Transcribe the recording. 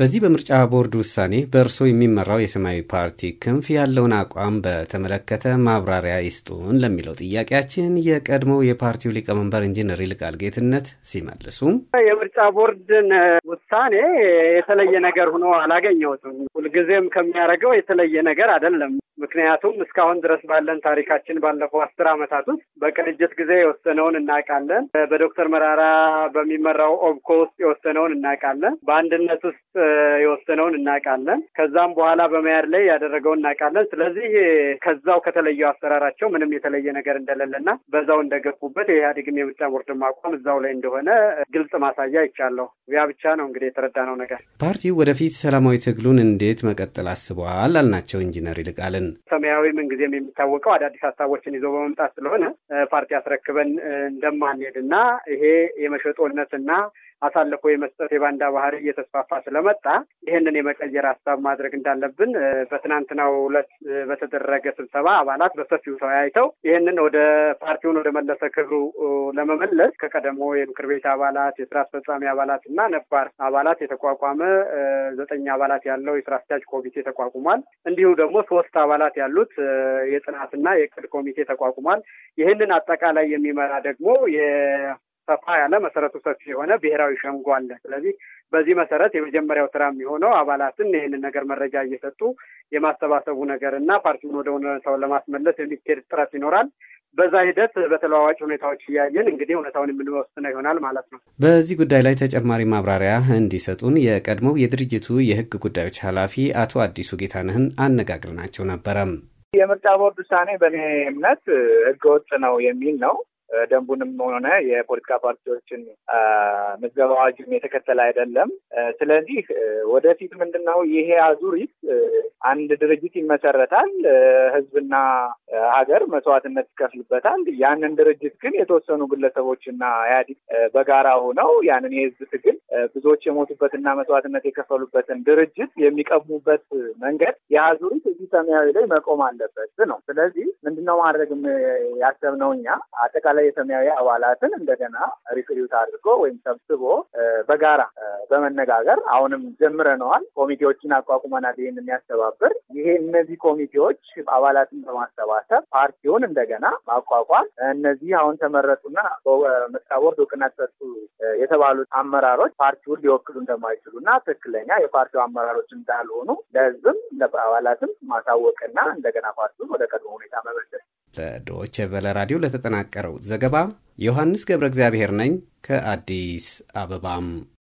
በዚህ በምርጫ ቦርድ ውሳኔ በእርስ የሚመራው የሰማያዊ ፓርቲ ክንፍ ያለውን አቋም በተመለከተ ማብራሪያ ይስጡን ለሚለው ጥያቄያችን የቀድሞው የፓርቲው ሊቀመንበር ኢንጂነር ይልቃል ጌትነት ሲመልሱ የምርጫ ቦርድን ውሳኔ የተለየ ነገር ሆኖ አላገኘሁትም። ሁልጊዜም ከሚያደርገው የተለየ ነገር አይደለም። ምክንያቱም እስካሁን ድረስ ባለን ታሪካችን ባለፈው አስር ዓመታት ውስጥ በቅንጅት ጊዜ የወሰነውን እናውቃለን። በዶክተር መራራ በሚመራው ኦብኮ ውስጥ የወሰነውን እናውቃለን። በአንድነት ውስጥ የወሰነውን እናውቃለን። ከዛም በኋላ በመያድ ላይ ያደረገውን እናውቃለን። ስለዚህ ከዛው ከተለየው አሰራራቸው ምንም የተለየ ነገር እንደሌለና በዛው እንደገፉበት የኢህአዴግም የምርጫ ቦርድም አቋም እዛው ላይ እንደሆነ ግልጽ ማሳያ ይቻለሁ። ያ ብቻ ነው እንግዲህ የተረዳነው ነገር። ፓርቲው ወደፊት ሰላማዊ ትግሉን እንዴት መቀጠል አስበዋል? አልናቸው ኢንጂነር ይልቃለን አለን። ሰማያዊ ምንጊዜም የሚታወቀው አዳዲስ ሀሳቦችን ይዞ በመምጣት ስለሆነ ፓርቲ አስረክበን እንደማንሄድ እና ይሄ የመሸጦነትና አሳልፎ የመስጠት የባንዳ ባህሪ እየተስፋፋ ስለመጣ ይህንን የመቀየር ሀሳብ ማድረግ እንዳለብን በትናንትናው ዕለት በተደረገ ስብሰባ አባላት በሰፊው ተወያይተው ይህንን ወደ ፓርቲውን ወደ መለሰ ክብሩ ለመመለስ ከቀደሞ የምክር ቤት አባላት፣ የስራ አስፈጻሚ አባላት እና ነባር አባላት የተቋቋመ ዘጠኝ አባላት ያለው የስራ አስኪያጅ ኮሚቴ ተቋቁሟል። እንዲሁ ደግሞ ሶስት አባ አባላት ያሉት የጥናትና የእቅድ ኮሚቴ ተቋቁሟል። ይህንን አጠቃላይ የሚመራ ደግሞ ሰፋ ያለ መሰረቱ ሰፊ የሆነ ብሔራዊ ሸንጎ አለ። ስለዚህ በዚህ መሰረት የመጀመሪያው ስራ የሚሆነው አባላትን ይህንን ነገር መረጃ እየሰጡ የማሰባሰቡ ነገር እና ፓርቲውን ወደ ሰው ለማስመለስ የሚካሄድ ጥረት ይኖራል። በዛ ሂደት በተለዋዋጭ ሁኔታዎች እያየን እንግዲህ እውነታውን የምንወስነው ይሆናል ማለት ነው። በዚህ ጉዳይ ላይ ተጨማሪ ማብራሪያ እንዲሰጡን የቀድሞው የድርጅቱ የህግ ጉዳዮች ኃላፊ አቶ አዲሱ ጌታነህን አነጋግረናቸው ነበረም። የምርጫ ቦርድ ውሳኔ በእኔ እምነት ወጥ ነው የሚል ነው። ደንቡንም ሆነ የፖለቲካ ፓርቲዎችን ምዝገባ የተከተለ አይደለም። ስለዚህ ወደፊት ምንድን ነው ይሄ አዙሪት አንድ ድርጅት ይመሰረታል። ህዝብና ሀገር መስዋዕትነት ይከፍልበታል። ያንን ድርጅት ግን የተወሰኑ ግለሰቦችና ኢህአዲግ በጋራ ሆነው ያንን የህዝብ ትግል ብዙዎች የሞቱበትና መስዋዕትነት የከፈሉበትን ድርጅት የሚቀሙበት መንገድ የአዙሪት እዚህ ሰማያዊ ላይ መቆም አለበት ነው። ስለዚህ ምንድነው ማድረግም ያሰብነው እኛ አጠቃላይ የሰማያዊ አባላትን እንደገና ሪክሪት አድርጎ ወይም ሰብስቦ በጋራ በመነጋገር አሁንም ጀምረነዋል። ኮሚቴዎችን አቋቁመናል። ይህን የሚያስተባ ሲያከብር ይሄ እነዚህ ኮሚቴዎች አባላትን በማሰባሰብ ፓርቲውን እንደገና ማቋቋም እነዚህ አሁን ተመረጡና በምርጫ ቦርድ እውቅና ሰጡ የተባሉት አመራሮች ፓርቲውን ሊወክሉ እንደማይችሉ እና ትክክለኛ የፓርቲው አመራሮች እንዳልሆኑ ለህዝብም ለአባላትም ማሳወቅና እንደገና ፓርቲውን ወደ ቀድሞ ሁኔታ መመለስ። ለዶች ቨለ ራዲዮ ለተጠናቀረው ዘገባ ዮሐንስ ገብረ እግዚአብሔር ነኝ ከአዲስ አበባም